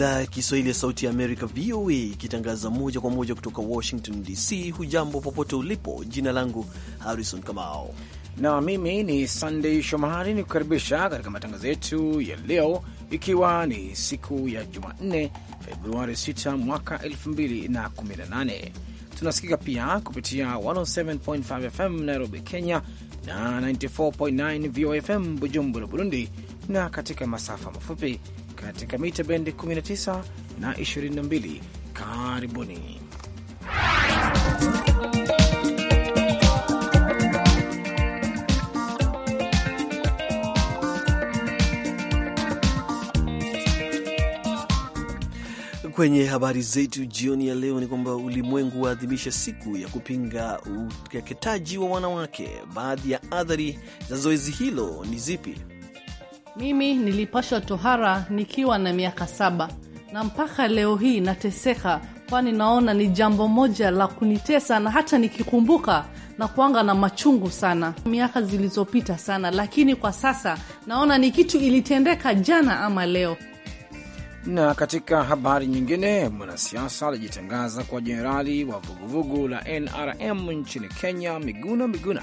idhaa ya Kiswahili ya Sauti ya Amerika, VOA, ikitangaza moja kwa moja kutoka Washington DC. Hujambo popote ulipo. Jina langu Harrison Kamao na mimi ni Sandey Shomari ni kukaribisha katika matangazo yetu ya leo, ikiwa ni siku ya Jumanne, Februari 6 mwaka 2018. Tunasikika pia kupitia 107.5 FM Nairobi, Kenya na 94.9 VOFM Bujumbura, Burundi, na katika masafa mafupi katika mita bendi 19 na 22. Karibuni. Kwenye habari zetu jioni ya leo ni kwamba ulimwengu waadhimisha siku ya kupinga ukeketaji wa wanawake. Baadhi ya athari za zoezi hilo ni zipi? Mimi nilipashwa tohara nikiwa na miaka saba na mpaka leo hii nateseka, kwani naona ni jambo moja la kunitesa, na hata nikikumbuka na kuanga na machungu sana, miaka zilizopita sana, lakini kwa sasa naona ni kitu ilitendeka jana ama leo. Na katika habari nyingine, mwanasiasa alijitangaza kwa jenerali wa vuguvugu la NRM nchini Kenya, Miguna Miguna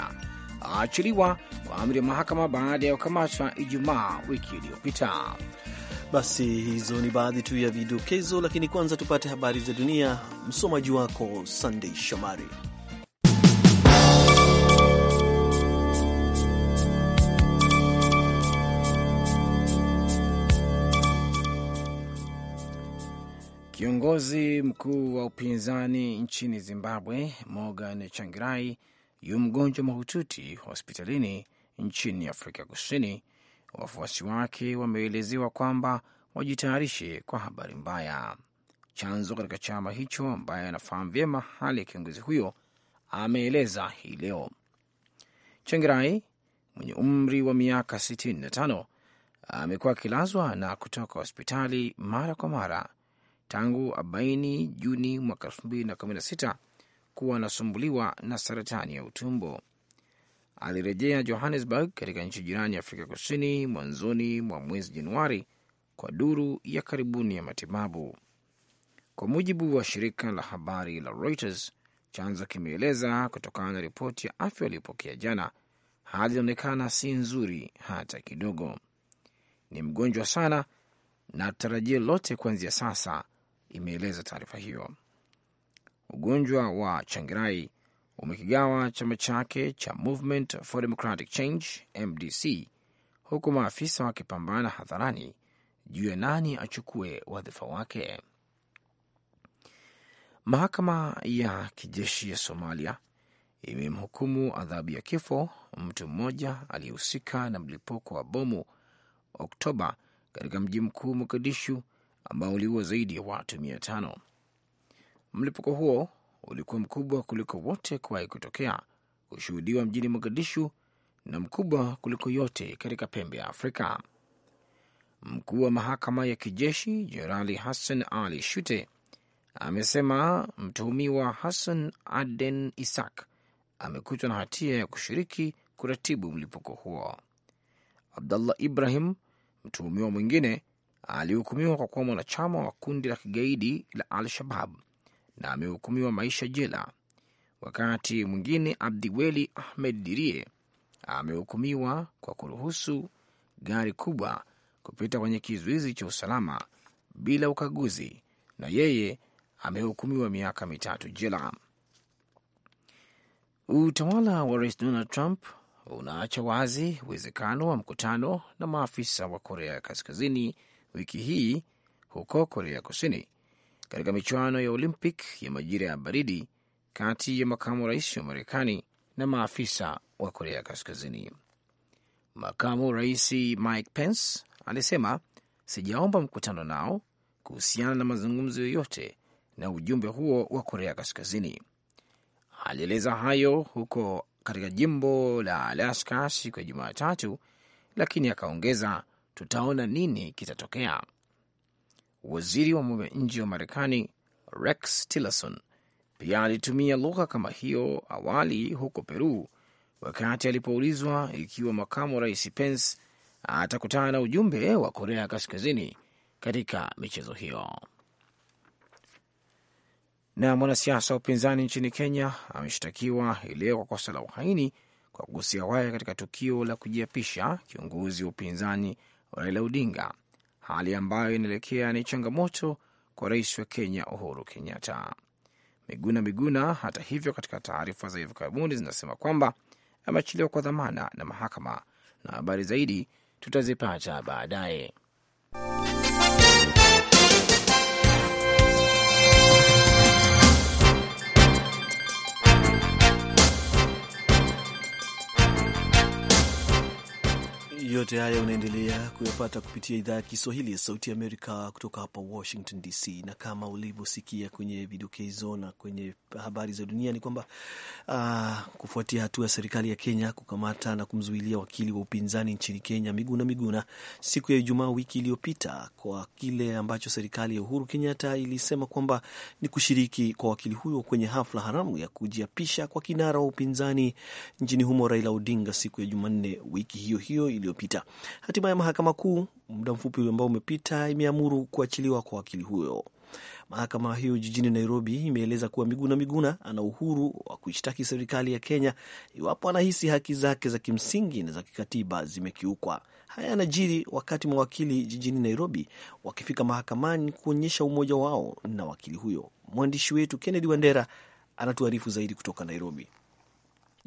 aachiliwa kwa amri ya mahakama baada ya kukamatwa Ijumaa wiki iliyopita. Basi hizo ni baadhi tu ya vidokezo, lakini kwanza tupate habari za dunia. Msomaji wako sandey Shomari. Kiongozi mkuu wa upinzani nchini Zimbabwe Morgan Changirai yu mgonjwa mahututi hospitalini nchini Afrika Kusini. Wafuasi wake wameelezewa kwamba wajitayarishe kwa habari mbaya. Chanzo katika chama hicho ambaye anafahamu vyema hali ya kiongozi huyo ameeleza hii leo. Chengerai mwenye umri wa miaka 65 amekuwa akilazwa na kutoka hospitali mara kwa mara tangu arobaini Juni mwaka 2016 kuwa anasumbuliwa na saratani ya utumbo. Alirejea Johannesburg katika nchi jirani ya Afrika Kusini mwanzoni mwa mwezi Januari kwa duru ya karibuni ya matibabu, kwa mujibu wa shirika la habari la Reuters. Chanzo kimeeleza kutokana na ripoti ya afya aliyopokea jana, hali inaonekana si nzuri hata kidogo. Ni mgonjwa sana na tarajio lote kuanzia sasa, imeeleza taarifa hiyo. Ugonjwa wa Changirai umekigawa chama chake cha Movement for Democratic Change MDC, huku maafisa wakipambana hadharani juu ya nani achukue wadhifa wake. Mahakama ya kijeshi ya Somalia imemhukumu adhabu ya kifo mtu mmoja aliyehusika na mlipuko wa bomu Oktoba katika mji mkuu Mogadishu ambao uliua zaidi ya watu mia tano. Mlipuko huo ulikuwa mkubwa kuliko wote kuwahi kutokea kushuhudiwa mjini Mogadishu na mkubwa kuliko yote katika pembe ya Afrika. Mkuu wa mahakama ya kijeshi Jenerali Hassan Ali Shute amesema mtuhumiwa Hassan Aden Isak amekutwa na hatia ya kushiriki kuratibu mlipuko huo. abdullah Ibrahim, mtuhumiwa mwingine, alihukumiwa kwa kuwa mwanachama wa kundi la kigaidi la Al Shabab na amehukumiwa maisha jela. Wakati mwingine Abdiweli Ahmed Dirie amehukumiwa kwa kuruhusu gari kubwa kupita kwenye kizuizi cha usalama bila ukaguzi, na yeye amehukumiwa miaka mitatu jela. Utawala wa Rais Donald Trump unaacha wazi uwezekano wa mkutano na maafisa wa Korea ya Kaskazini wiki hii huko Korea Kusini katika michuano ya Olympic ya majira ya baridi kati ya makamu rais wa Marekani na maafisa wa Korea Kaskazini. Makamu rais Mike Pence alisema, sijaomba mkutano nao kuhusiana na mazungumzo yoyote na ujumbe huo wa Korea Kaskazini. Alieleza hayo huko katika jimbo la Alaska siku ya Jumatatu, lakini akaongeza, tutaona nini kitatokea waziri wa mambo ya nje wa Marekani Rex Tillerson pia alitumia lugha kama hiyo awali huko Peru wakati alipoulizwa ikiwa makamu wa rais Pence atakutana na ujumbe wa Korea Kaskazini katika michezo hiyo. Na mwanasiasa wa upinzani nchini Kenya ameshtakiwa hii leo kwa kosa la uhaini kwa kugusia waya katika tukio la kujiapisha kiongozi wa upinzani Raila Odinga hali ambayo inaelekea ni changamoto kwa rais wa Kenya Uhuru Kenyatta. Miguna Miguna, hata hivyo, katika taarifa za hivi karibuni zinasema kwamba ameachiliwa kwa dhamana na mahakama, na habari zaidi tutazipata baadaye. Yote haya unaendelea kuyapata kupitia idhaa ya Kiswahili ya Sauti ya Amerika kutoka hapa Washington DC, na kama ulivyosikia kwenye vidokezo na kwenye habari za dunia ni kwamba uh, kufuatia hatua ya serikali ya Kenya kukamata na kumzuilia wakili wa upinzani nchini Kenya Miguna Miguna siku ya Ijumaa wiki iliyopita kwa kile ambacho serikali ya Uhuru Kenyatta ilisema kwamba ni kushiriki kwa wakili huyo kwenye hafla haramu ya kujiapisha kwa kinara wa upinzani nchini humo Raila Odinga siku ya Jumanne wiki hiyo hiyo iliyo uliopita. Hatimaye mahakama kuu muda mfupi ambao umepita imeamuru kuachiliwa kwa wakili huyo. Mahakama hiyo jijini Nairobi imeeleza kuwa Miguna Miguna ana uhuru wa kuishtaki serikali ya Kenya iwapo anahisi haki zake za kimsingi na za kikatiba zimekiukwa. Haya yanajiri wakati mawakili jijini Nairobi wakifika mahakamani kuonyesha umoja wao na wakili huyo. Mwandishi wetu Kennedy Wandera anatuarifu zaidi kutoka Nairobi.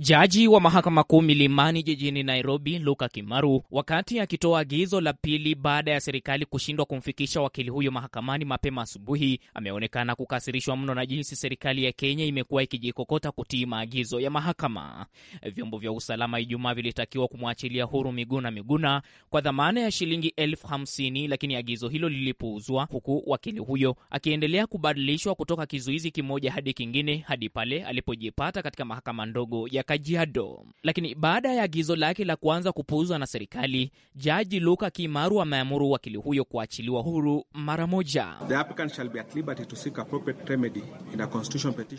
Jaji wa mahakama kuu Milimani jijini Nairobi, Luka Kimaru, wakati akitoa agizo la pili baada ya serikali kushindwa kumfikisha wakili huyo mahakamani mapema asubuhi, ameonekana kukasirishwa mno na jinsi serikali ya Kenya imekuwa ikijikokota kutii maagizo ya mahakama. Vyombo vya usalama Ijumaa vilitakiwa kumwachilia huru Miguna Miguna kwa dhamana ya shilingi elfu hamsini, lakini agizo hilo lilipuuzwa, huku wakili huyo akiendelea kubadilishwa kutoka kizuizi kimoja hadi kingine hadi pale alipojipata katika mahakama ndogo ya Kajiado. Lakini baada ya agizo lake la kuanza kupuuzwa na serikali, Jaji Luka Kimaru ameamuru wa wakili huyo kuachiliwa huru mara moja.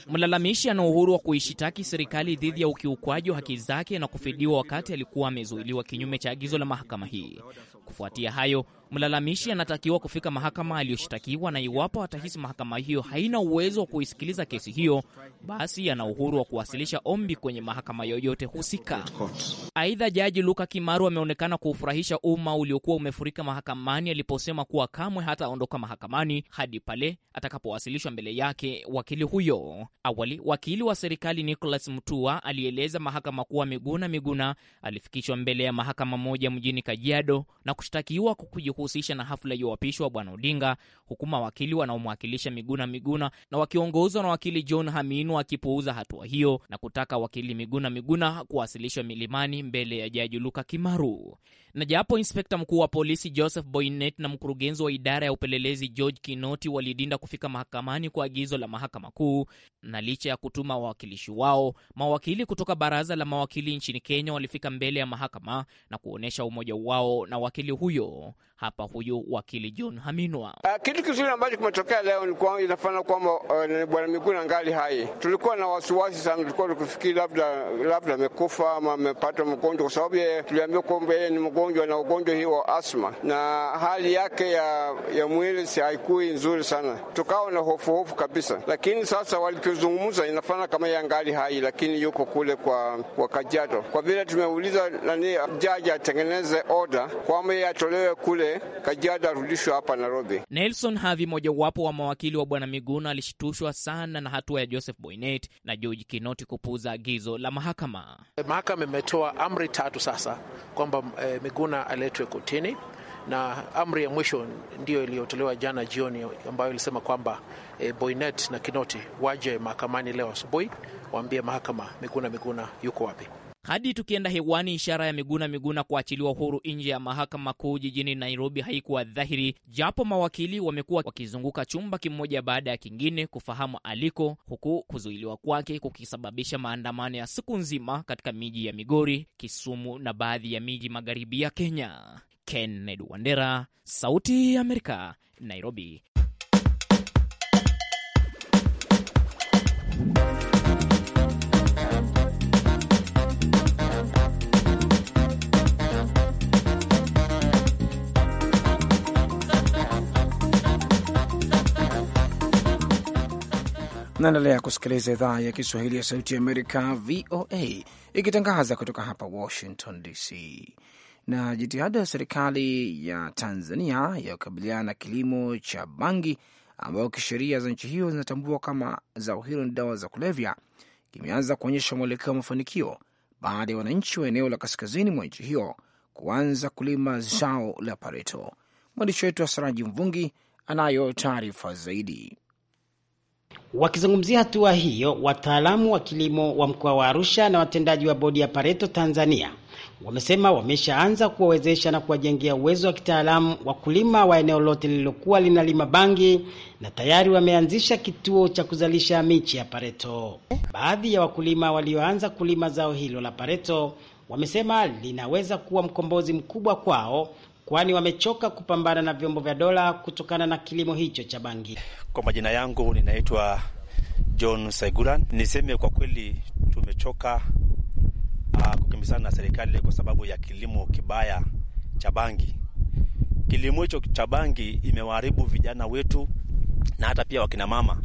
Mlalamishi ana uhuru wa kuishitaki serikali dhidi ya ukiukwaji wa haki zake na kufidiwa wakati alikuwa amezuiliwa kinyume cha agizo la mahakama hii. Kufuatia hayo Mlalamishi anatakiwa kufika mahakama aliyoshtakiwa, na iwapo atahisi mahakama hiyo haina uwezo wa kuisikiliza kesi hiyo, basi ana uhuru wa kuwasilisha ombi kwenye mahakama yoyote husika. Aidha, Jaji Luka Kimaru ameonekana kuufurahisha umma uliokuwa umefurika mahakamani aliposema kuwa kamwe hataondoka mahakamani hadi pale atakapowasilishwa mbele yake wakili huyo. Awali wakili wa serikali Nicholas Mutua alieleza mahakama kuwa Miguna Miguna alifikishwa mbele ya mahakama moja mjini Kajiado na kushtakiwa kwa kuhusisha na hafla ya bwana Odinga, huku mawakili wanaomwakilisha Miguna Miguna na wakiongozwa na wakili John Haminu akipuuza hatua hiyo na kutaka wakili Miguna Miguna kuwasilishwa milimani mbele ya jaji Luka Kimaru. Na japo inspekta mkuu wa polisi Joseph Boynet na mkurugenzi wa idara ya upelelezi George Kinoti walidinda kufika mahakamani kwa agizo la mahakama kuu, na licha ya kutuma wawakilishi wao, mawakili kutoka baraza la mawakili nchini Kenya walifika mbele ya mahakama na kuonyesha umoja wao na wakili huyo. Hapa huyu wakili John Haminwa. Uh, kitu kizuri ambacho kimetokea leo ni inafana kwamba uh, bwana Miguna ngali hai. Tulikuwa na wasiwasi sana, tulikuwa tukifikiri labda labda amekufa ama amepata mgonjwa, kwa sababu tuliambiwa kwamba yeye ni mgonjwa mgonjwa na ugonjwa hii wa asma, na hali yake ya, ya mwili si haikui nzuri sana, tukawa na hofuhofu hofu kabisa. Lakini sasa walikizungumza, inafana kama yangali hai, lakini yuko kule kwa, kwa Kwa vile tumeuliza nani jaji atengeneze oda kwamba atolewe kule kajado arudishwe hapa Nairobi. Nelson Havi, mojawapo wa mawakili wa bwana Miguna, alishtushwa sana na hatua ya Joseph Boynet na George Kinoti kupuuza agizo la mahakama. Mahakama imetoa amri tatu sasa kwamba eh, Miguna aletwe kotini na amri ya mwisho ndiyo iliyotolewa jana jioni, ambayo ilisema kwamba e, Boynet na Kinoti waje mahakamani leo asubuhi, waambie mahakama Miguna Miguna yuko wapi hadi tukienda hewani, ishara ya Miguna Miguna kuachiliwa huru nje ya mahakama kuu jijini Nairobi haikuwa dhahiri, japo mawakili wamekuwa wakizunguka chumba kimoja baada ya kingine kufahamu aliko, huku kuzuiliwa kwake kukisababisha maandamano ya siku nzima katika miji ya Migori, Kisumu na baadhi ya miji magharibi ya Kenya. Kennedy Wandera, Sauti ya Amerika, Nairobi. Naendelea kusikiliza idhaa ya Kiswahili ya Sauti ya Amerika, VOA, ikitangaza kutoka hapa Washington DC. Na jitihada ya serikali ya Tanzania ya kukabiliana na kilimo cha bangi, ambayo kisheria za nchi hiyo zinatambua kama zao hilo ni dawa za kulevya, kimeanza kuonyesha mwelekeo wa mafanikio baada ya wananchi wa eneo la kaskazini mwa nchi hiyo kuanza kulima zao la pareto. Mwandishi wetu Saraji Mvungi anayo taarifa zaidi. Wakizungumzia hatua hiyo, wataalamu wa kilimo wa mkoa wa Arusha na watendaji wa bodi ya Pareto Tanzania wamesema wameshaanza kuwawezesha na kuwajengea uwezo wa kitaalamu wakulima wa eneo lote lililokuwa linalima bangi na tayari wameanzisha kituo cha kuzalisha michi ya Pareto. Baadhi ya wakulima walioanza kulima zao hilo la Pareto wamesema linaweza kuwa mkombozi mkubwa kwao kwani wamechoka kupambana na vyombo vya dola kutokana na kilimo hicho cha bangi. Kwa majina yangu ninaitwa John Saiguran. Niseme kwa kweli tumechoka uh, kukimbizana na serikali kwa sababu ya kilimo kibaya cha bangi. Kilimo hicho cha bangi imewaharibu vijana wetu na hata pia wakinamama,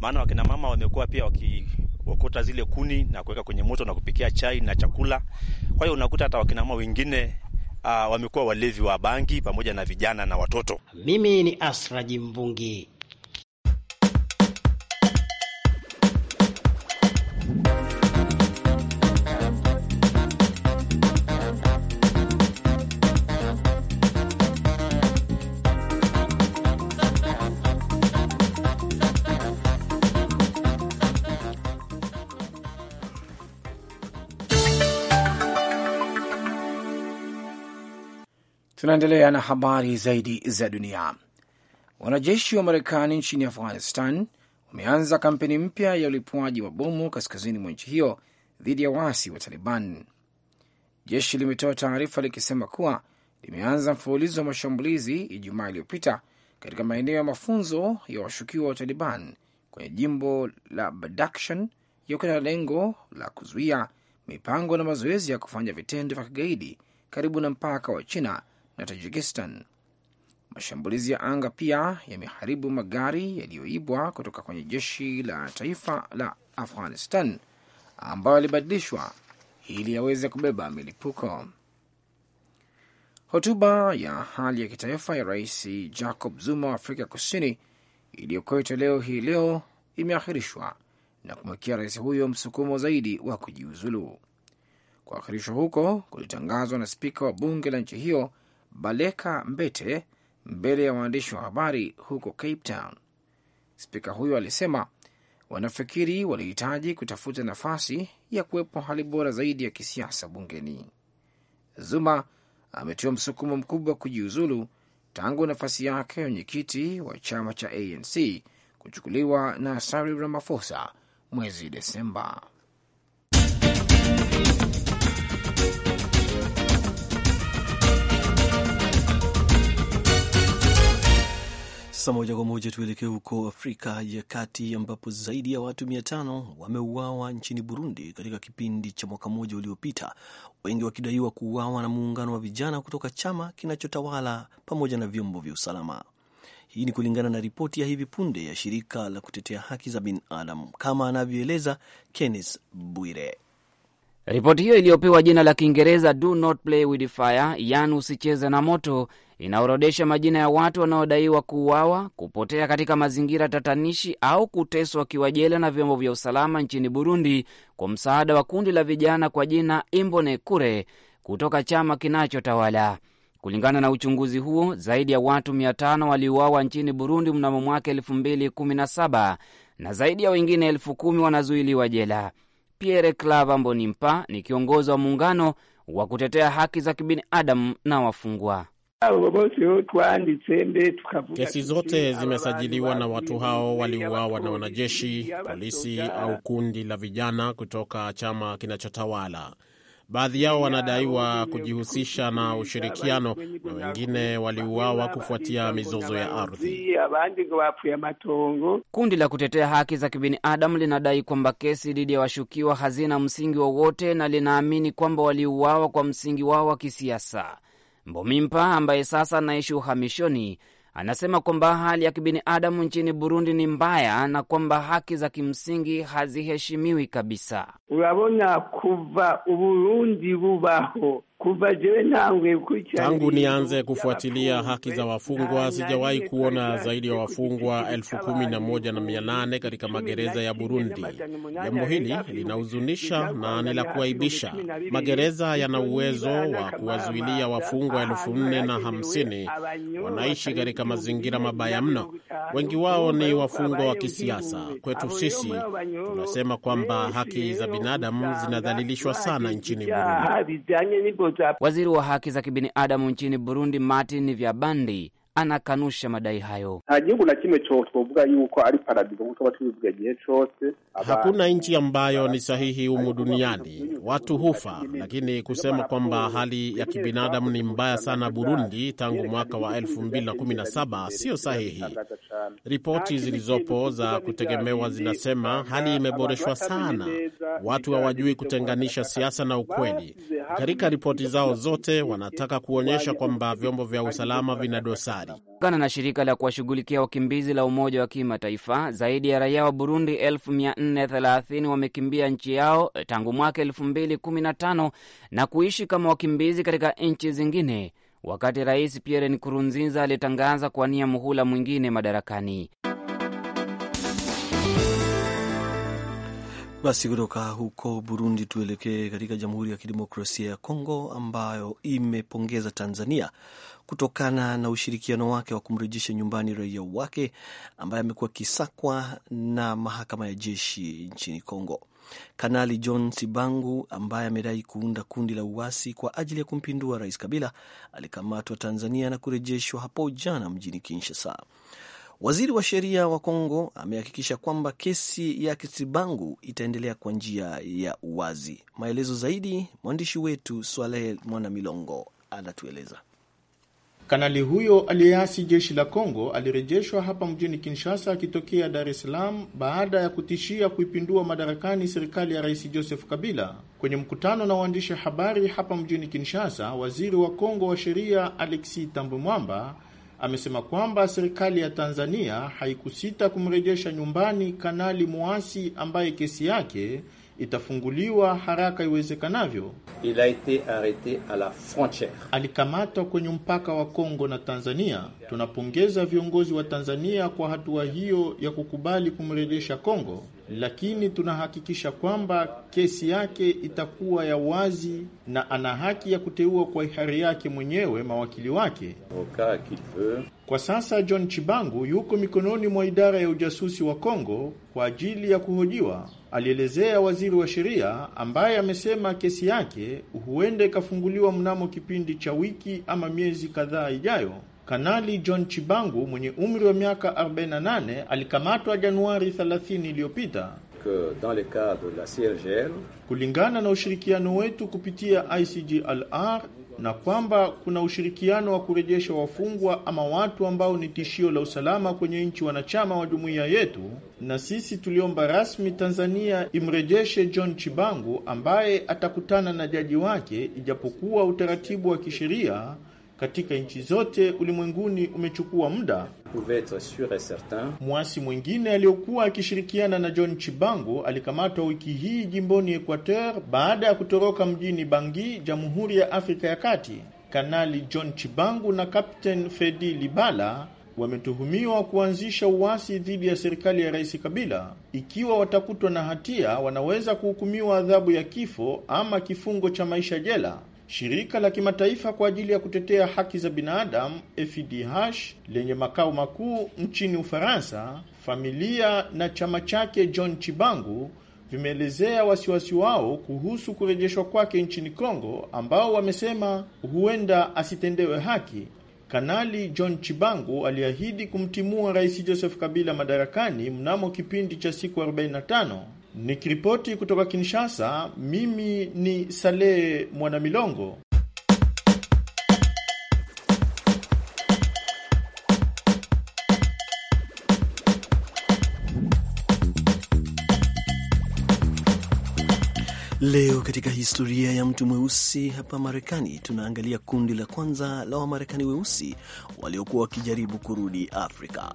maana wakinamama wamekuwa pia wakiokota zile kuni na kuweka kwenye moto na kupikia chai na chakula. Kwa hiyo unakuta hata wakinamama wengine uh, wamekuwa walevi wa bangi pamoja na vijana na watoto. Mimi ni Asraji Mvungi, Tunaendelea na habari zaidi za dunia. Wanajeshi wa Marekani nchini Afghanistan wameanza kampeni mpya ya ulipuaji wa bomu kaskazini mwa nchi hiyo dhidi ya waasi wa Taliban. Jeshi limetoa taarifa likisema kuwa limeanza mfululizo wa mashambulizi Ijumaa iliyopita katika maeneo ya mafunzo ya washukiwa wa Taliban kwenye jimbo la Badakhshan, yakiwa na lengo la kuzuia mipango na mazoezi ya kufanya vitendo vya kigaidi karibu na mpaka wa China na Tajikistan. Mashambulizi ya anga pia yameharibu magari yaliyoibwa kutoka kwenye jeshi la taifa la Afghanistan ambayo yalibadilishwa ili yaweze kubeba milipuko. Hotuba ya hali ya kitaifa ya Rais Jacob Zuma wa Afrika Kusini iliyokuwa leo hii leo imeahirishwa na kumwekea rais huyo msukumo zaidi wa kujiuzulu. Kuahirishwa huko kulitangazwa na spika wa bunge la nchi hiyo Baleka Mbete mbele ya waandishi wa habari huko Cape Town. Spika huyo alisema wanafikiri walihitaji kutafuta nafasi ya kuwepo hali bora zaidi ya kisiasa bungeni. Zuma ametiwa msukumo mkubwa kujiuzulu tangu nafasi yake ya mwenyekiti wa chama cha ANC kuchukuliwa na Cyril Ramaphosa mwezi Desemba. Sasa moja kwa moja tuelekee huko Afrika ya Kati, ambapo zaidi ya watu mia tano wameuawa nchini Burundi katika kipindi cha mwaka mmoja uliopita, wengi wakidaiwa kuuawa na muungano wa vijana kutoka chama kinachotawala pamoja na vyombo vya usalama. Hii ni kulingana na ripoti ya hivi punde ya shirika la kutetea haki za binadamu, kama anavyoeleza Kenneth Bwire. Ripoti hiyo iliyopewa jina la Kiingereza Do Not Play With Fire, yani usicheze na moto, inaorodesha majina ya watu wanaodaiwa kuuawa, kupotea katika mazingira tatanishi au kuteswa wakiwa jela na vyombo vya usalama nchini Burundi kwa msaada wa kundi la vijana kwa jina Imbonerakure kutoka chama kinachotawala. Kulingana na uchunguzi huo, zaidi ya watu 500 waliuawa nchini Burundi mnamo mwaka 2017 na zaidi ya wengine elfu kumi wanazuiliwa jela. Pierre Claver Mbonimpa ni kiongozi wa muungano wa kutetea haki za kibinadamu na wafungwa. Kesi zote zimesajiliwa na watu hao waliuawa na wanajeshi, polisi au kundi la vijana kutoka chama kinachotawala. Baadhi yao wanadaiwa kujihusisha na ushirikiano na wengine waliuawa kufuatia mizozo ya ardhi. Kundi la kutetea haki za kibinadamu linadai kwamba kesi dhidi ya washukiwa hazina msingi wowote wa na linaamini kwamba waliuawa kwa msingi wao wa kisiasa. Mbomimpa ambaye sasa anaishi uhamishoni anasema kwamba hali ya kibinadamu nchini Burundi ni mbaya na kwamba haki za kimsingi haziheshimiwi kabisa. Urabona kuva Uburundi bubaho tangu nianze kufuatilia haki za wafungwa sijawahi kuona zaidi ya wafungwa elfu kumi na moja na mia nane katika magereza ya Burundi. Jambo hili linahuzunisha na ni la kuaibisha. Magereza yana uwezo wa kuwazuilia wafungwa ah, elfu nne na hamsini wanaishi katika mazingira mabaya mno. Wengi wao ni wafungwa wa kisiasa. Kwetu ah, sisi tunasema kwamba haki za binadamu zinadhalilishwa sana nchini Burundi. Ah, Waziri wa haki za kibinadamu nchini Burundi Martin Vyabandi anakanusha madai hayo. Hakuna nchi ambayo ni sahihi humu duniani, watu hufa, lakini kusema kwamba hali ya kibinadamu ni mbaya sana Burundi tangu mwaka wa elfu mbili na saba sahihi. Ripoti zilizopo za kutegemewa zinasema hali imeboreshwa sana, watu hawajui kutenganisha siasa na ukweli. Katika ripoti zao zote wanataka kuonyesha kwamba vyombo vya usalama vina dosari habari. Kana na shirika la kuwashughulikia wakimbizi la Umoja wa Kimataifa, zaidi ya raia wa Burundi 430 wamekimbia nchi yao tangu mwaka 2015 na kuishi kama wakimbizi katika nchi zingine, wakati Rais Pierre Nkurunziza alitangaza kuwania muhula mwingine madarakani. Basi kutoka huko Burundi tuelekee katika Jamhuri ya Kidemokrasia ya Kongo ambayo imepongeza Tanzania kutokana na ushirikiano wake wa kumrejesha nyumbani raia wake ambaye amekuwa akisakwa na mahakama ya jeshi nchini congo Kanali John Sibangu ambaye amedai kuunda kundi la uasi kwa ajili ya kumpindua Rais Kabila alikamatwa Tanzania na kurejeshwa hapo jana mjini Kinshasa. Waziri wa sheria wa congo amehakikisha kwamba kesi ya Kisibangu itaendelea kwa njia ya uwazi. Maelezo zaidi mwandishi wetu Swaleh Mwana Milongo anatueleza. Kanali huyo aliyeasi jeshi la Kongo alirejeshwa hapa mjini Kinshasa akitokea Dar es Salaam baada ya kutishia kuipindua madarakani serikali ya Rais Joseph Kabila. Kwenye mkutano na waandishi habari hapa mjini Kinshasa, waziri wa Kongo wa sheria Alexi Thambwe Mwamba amesema kwamba serikali ya Tanzania haikusita kumrejesha nyumbani kanali muasi ambaye kesi yake itafunguliwa haraka iwezekanavyo. Il a été arrêté à la frontière. Alikamatwa kwenye mpaka wa Kongo na Tanzania. Tunapongeza viongozi wa Tanzania kwa hatua hiyo ya kukubali kumrejesha Kongo lakini tunahakikisha kwamba kesi yake itakuwa ya wazi na ana haki ya kuteua kwa hiari yake mwenyewe mawakili wake. Kwa sasa John Chibangu yuko mikononi mwa idara ya ujasusi wa Kongo kwa ajili ya kuhojiwa, alielezea waziri wa sheria, ambaye amesema kesi yake huenda ikafunguliwa mnamo kipindi cha wiki ama miezi kadhaa ijayo. Kanali John Chibangu mwenye umri wa miaka 48 alikamatwa Januari 30 iliyopita. kulingana na ushirikiano wetu kupitia ICGLR na kwamba kuna ushirikiano wa kurejesha wafungwa ama watu ambao ni tishio la usalama kwenye nchi wanachama wa jumuiya yetu, na sisi tuliomba rasmi Tanzania imrejeshe John Chibangu ambaye atakutana na jaji wake, ijapokuwa utaratibu wa kisheria katika nchi zote ulimwenguni umechukua muda. Mwasi mwingine aliyokuwa akishirikiana na John chibangu alikamatwa wiki hii jimboni Equateur baada ya kutoroka mjini bangi Jamhuri ya Afrika ya Kati. Kanali John Chibangu na Captain Fedi Libala wametuhumiwa kuanzisha uasi dhidi ya serikali ya Rais Kabila. Ikiwa watakutwa na hatia, wanaweza kuhukumiwa adhabu ya kifo ama kifungo cha maisha jela. Shirika la kimataifa kwa ajili ya kutetea haki za binadamu FIDH lenye makao makuu nchini Ufaransa, familia na chama chake John Chibangu vimeelezea wasiwasi wao kuhusu kurejeshwa kwake nchini Kongo, ambao wamesema huenda asitendewe haki. Kanali John Chibangu aliahidi kumtimua Rais Joseph Kabila madarakani mnamo kipindi cha siku 45 Nikiripoti kutoka Kinshasa, mimi ni Saleh Mwanamilongo. Leo katika historia ya mtu mweusi hapa Marekani, tunaangalia kundi la kwanza la Wamarekani weusi waliokuwa wakijaribu kurudi Afrika.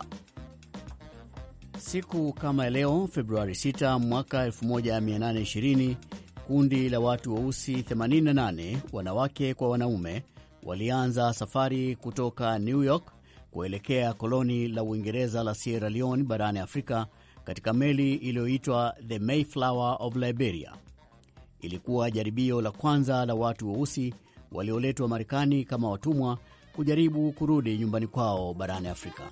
Siku kama leo Februari 6 mwaka 1820 kundi la watu weusi 88 wanawake kwa wanaume walianza safari kutoka New York kuelekea koloni la Uingereza la Sierra Leone barani Afrika katika meli iliyoitwa The Mayflower of Liberia. Ilikuwa jaribio la kwanza la watu weusi walioletwa Marekani kama watumwa kujaribu kurudi nyumbani kwao barani Afrika.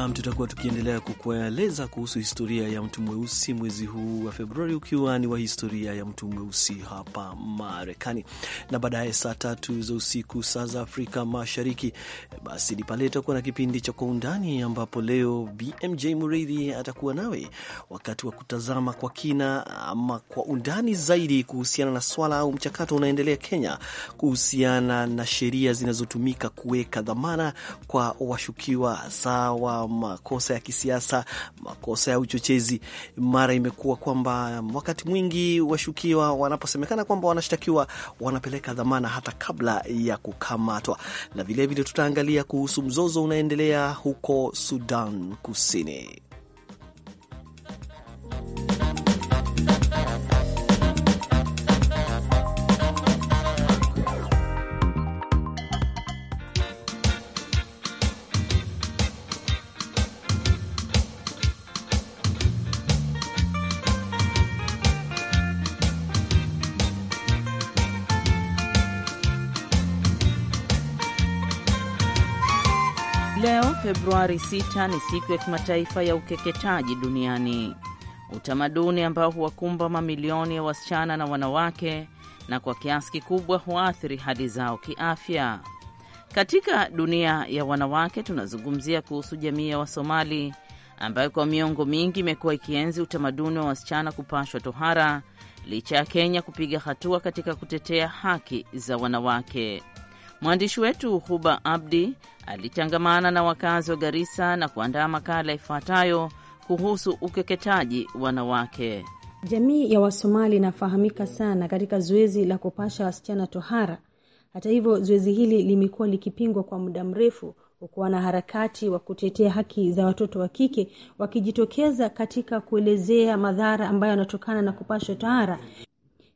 Naam, tutakuwa tukiendelea kukueleza kuhusu historia ya mtu mweusi mwezi huu wa Februari, ukiwa ni wa historia ya mtu mweusi hapa Marekani. Na baadaye saa tatu za usiku, saa za Afrika Mashariki, basi ni pale itakuwa na kipindi cha Kwa Undani, ambapo leo BMJ Muridhi atakuwa nawe wakati wa kutazama kwa kina ama kwa undani zaidi kuhusiana na swala au mchakato unaendelea Kenya kuhusiana na sheria zinazotumika kuweka dhamana kwa washukiwa sawa makosa ya kisiasa, makosa ya uchochezi. Mara imekuwa kwamba wakati mwingi washukiwa wanaposemekana kwamba wanashtakiwa wanapeleka dhamana hata kabla ya kukamatwa, na vilevile tutaangalia kuhusu mzozo unaendelea huko Sudan Kusini. Februari 6 ni siku ya kimataifa ya ukeketaji duniani, utamaduni ambao huwakumba mamilioni ya wasichana na wanawake na kwa kiasi kikubwa huathiri hali zao kiafya. Katika dunia ya wanawake, tunazungumzia kuhusu jamii ya Wasomali ambayo kwa miongo mingi imekuwa ikienzi utamaduni wa wasichana kupashwa tohara licha ya Kenya kupiga hatua katika kutetea haki za wanawake. Mwandishi wetu Huba Abdi alitangamana na wakazi wa Garissa na kuandaa makala ifuatayo kuhusu ukeketaji wanawake. Jamii ya Wasomali inafahamika sana katika zoezi la kupasha wasichana tohara. Hata hivyo, zoezi hili limekuwa likipingwa kwa muda mrefu, huku wanaharakati wa kutetea haki za watoto wa kike wakijitokeza katika kuelezea madhara ambayo yanatokana na kupashwa tohara.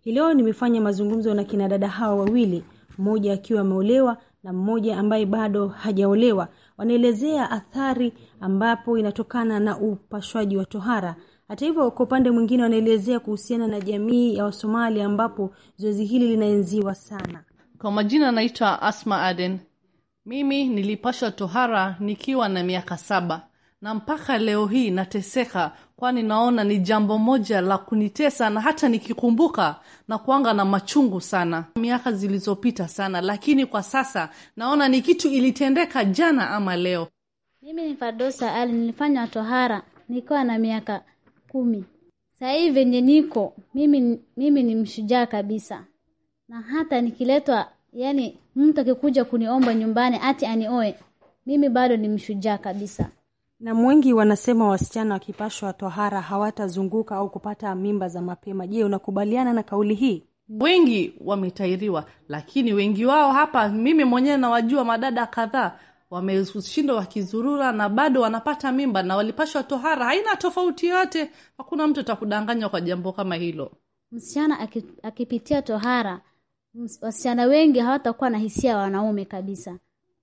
Hii leo nimefanya mazungumzo na kinadada hawa wawili mmoja akiwa ameolewa na mmoja ambaye bado hajaolewa. Wanaelezea athari ambapo inatokana na upashwaji wa tohara. Hata hivyo, kwa upande mwingine, wanaelezea kuhusiana na jamii ya Wasomali ambapo zoezi hili linaenziwa sana. Kwa majina, anaitwa Asma Aden. Mimi nilipashwa tohara nikiwa na miaka saba na mpaka leo hii nateseka, kwani naona ni jambo moja la kunitesa, na hata nikikumbuka na kuanga na machungu sana, miaka zilizopita sana, lakini kwa sasa naona ni kitu ilitendeka jana ama leo. Mimi ni Fadosa Ali, nilifanya tohara nikiwa na miaka kumi. Sasa hivi venye niko mimi, mimi ni mshujaa kabisa, na hata nikiletwa, yani mtu akikuja kuniomba nyumbani ati anioe, mimi bado ni mshujaa kabisa na mwengi wanasema wasichana wakipashwa tohara hawatazunguka au kupata mimba za mapema. Je, unakubaliana na kauli hii? Wengi wametairiwa, lakini wengi wao hapa, mimi mwenyewe nawajua madada kadhaa wameshinda wakizurura na bado wanapata mimba na walipashwa tohara. Haina tofauti yote, hakuna mtu atakudanganywa kwa jambo kama hilo. Msichana akipitia tohara, wasichana wengi hawatakuwa na hisia ya wanaume kabisa,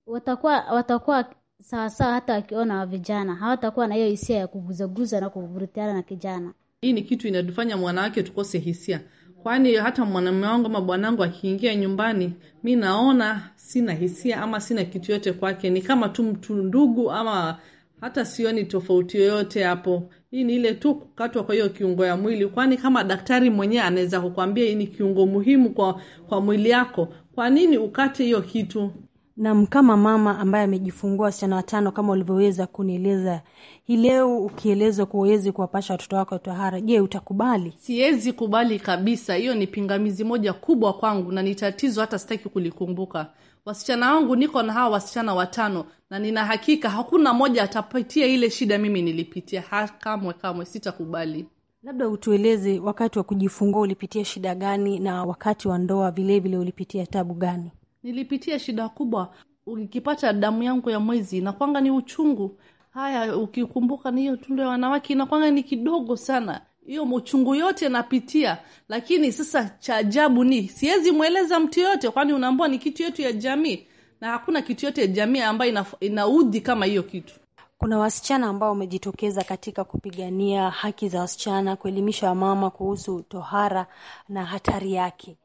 watakuwa watakuwa sawasawa, hata wakiona vijana hawatakuwa na hiyo hisia ya kuguzaguza na kuvurutiana na kijana. Hii ni kitu inatufanya mwanawake tukose hisia, kwani hata mwanamume wangu ama bwanangu akiingia nyumbani, mi naona sina hisia ama sina kitu yote kwake, ni kama tu mtu ndugu, ama hata sioni tofauti yoyote hapo. Hii ni ile tu kukatwa kwa hiyo kiungo ya mwili, kwani kama daktari mwenyewe anaweza kukwambia hii ni kiungo muhimu kwa, kwa mwili yako, kwa nini ukate hiyo kitu? Nam, kama mama ambaye amejifungua wasichana watano kama ulivyoweza kunieleza hii leo, ukielezwa kuwa uwezi kuwapasha watoto wako tohara, je, utakubali? Siwezi kubali kabisa. Hiyo ni pingamizi moja kubwa kwangu na ni tatizo, hata sitaki kulikumbuka. Wasichana wangu niko na hawa wasichana watano, na nina hakika hakuna moja atapitia ile shida mimi nilipitia. Kamwe kamwe sitakubali. Labda utueleze wakati wa kujifungua ulipitia shida gani, na wakati wa ndoa vilevile ulipitia tabu gani? Nilipitia shida kubwa, ukipata damu yangu ya mwezi na kwanga ni uchungu. Haya, ukikumbuka ni hiyo tundo ya wanawake inakwanga ni kidogo sana hiyo uchungu yote napitia, lakini sasa cha ajabu ni siwezi mweleza mtu yoyote, kwani unaambua ni kitu yetu ya jamii, na hakuna kitu yote ya jamii ambayo inaudhi ina, kama hiyo kitu. Kuna wasichana ambao wamejitokeza katika kupigania haki za wasichana, kuelimisha wamama kuhusu tohara na hatari yake.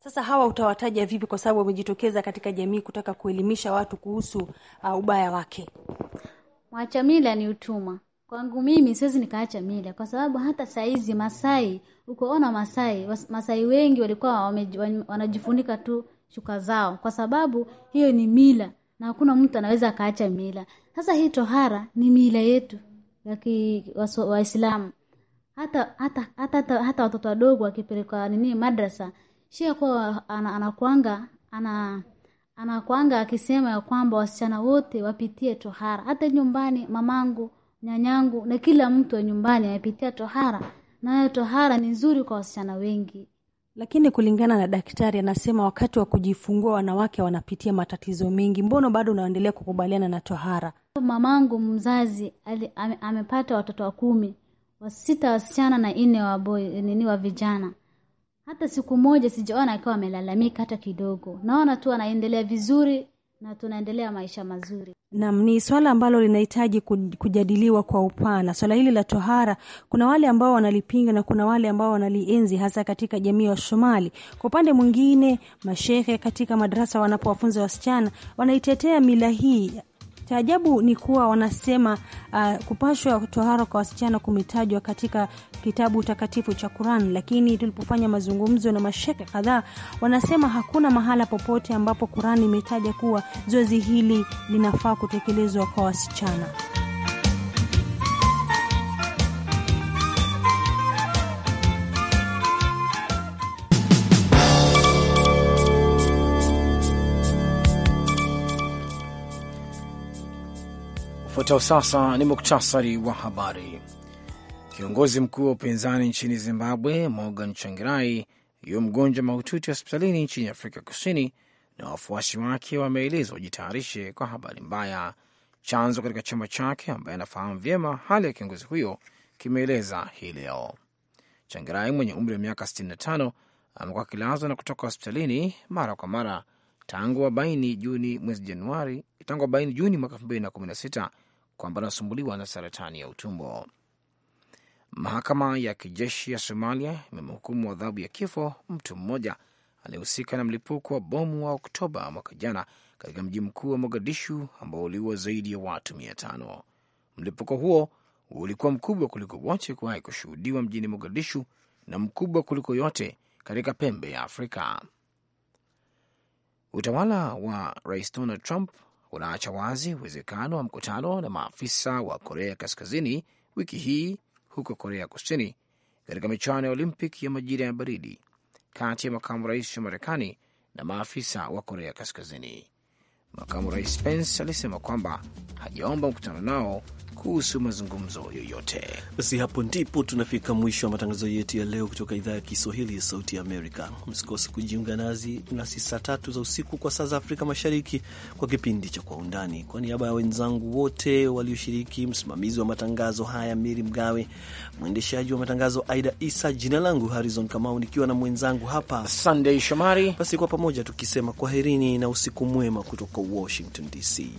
Sasa hawa utawataja vipi, kwa sababu wamejitokeza katika jamii kutaka kuelimisha watu kuhusu uh, ubaya wake? Mwacha mila ni utumwa. Kwangu mimi siwezi nikaacha mila, kwa sababu hata saizi Masai, ukoona Masai, Masai wengi walikuwa wanajifunika tu shuka zao, kwa sababu hiyo ni mila na hakuna mtu anaweza akaacha mila. Sasa hii tohara ni mila yetu ya Waislamu. Hata hata hata, hata watoto wadogo wakipelekwa nini madrasa Shia kuwa anakwanga ana anakwanga akisema ya kwamba wasichana wote wapitie tohara, hata nyumbani mamangu, nyanyangu na kila mtu wa nyumbani amepitia tohara, nayo tohara ni nzuri kwa wasichana wengi. Lakini kulingana na daktari, anasema wakati wa kujifungua wanawake wanapitia matatizo mengi. Mbona bado unaendelea kukubaliana na tohara? Mamangu mzazi ali, ame, amepata watoto wa kumi, wasita wasichana na nne wa boy, nini wa vijana hata siku moja sijaona akawa amelalamika hata kidogo. Naona tu anaendelea vizuri na tunaendelea maisha mazuri. Naam, ni swala ambalo linahitaji kujadiliwa kwa upana. Swala hili la tohara, kuna wale ambao wanalipinga na kuna wale ambao wanalienzi, hasa katika jamii ya Somali. Kwa upande mwingine, mashehe katika madarasa wanapowafunza wasichana wanaitetea mila hii cha ajabu ni kuwa wanasema uh, kupashwa tohara kwa wasichana kumetajwa katika kitabu takatifu cha Quran, lakini tulipofanya mazungumzo na mashekhe kadhaa, wanasema hakuna mahala popote ambapo Quran imetaja kuwa zoezi hili linafaa kutekelezwa kwa wasichana. Ufuatao sasa ni muktasari wa habari. Kiongozi mkuu wa upinzani nchini Zimbabwe Morgan Changirai yu mgonjwa mahututi hospitalini nchini Afrika Kusini, na wafuasi wake wameelezwa wajitayarishe kwa habari mbaya. Chanzo katika chama chake ambaye anafahamu vyema hali ya kiongozi huyo kimeeleza hii leo. Changirai mwenye umri wa miaka 65 amekuwa akilazwa na kutoka hospitalini mara kwa mara tangu wabaini Juni mwezi Januari, tangu wabaini Juni mwaka kwamba anasumbuliwa na saratani ya utumbo. Mahakama ya kijeshi ya Somalia imemhukumu adhabu ya kifo mtu mmoja aliyehusika na mlipuko wa bomu wa Oktoba mwaka jana katika mji mkuu wa Mogadishu ambao uliua zaidi ya watu mia tano. Mlipuko huo ulikuwa mkubwa kuliko wote kuwahi kushuhudiwa mjini Mogadishu na mkubwa kuliko yote katika pembe ya Afrika. Utawala wa rais Donald Trump unaacha wazi uwezekano wa mkutano na maafisa wa Korea Kaskazini wiki hii huko Korea Kusini katika michuano ya olimpik ya majira ya baridi kati ya makamu rais wa Marekani na maafisa wa Korea Kaskazini. Makamu Rais Pence alisema kwamba hajaomba mkutano nao kuhusu mazungumzo yoyote. Basi hapo ndipo tunafika mwisho wa matangazo yetu ya leo kutoka idhaa ya Kiswahili ya Sauti ya Amerika. Msikose kujiunga nazi nasi saa tatu za usiku kwa saa za Afrika Mashariki kwa kipindi cha Kwa Undani. Kwa niaba ya wenzangu wote walioshiriki, msimamizi wa matangazo haya Miri Mgawe, mwendeshaji wa matangazo Aida Isa, jina langu Harrison Kamau nikiwa na mwenzangu hapa Sunday Shomari, basi kwa pamoja tukisema kwaherini na usiku mwema kutoka hapo Washington DC.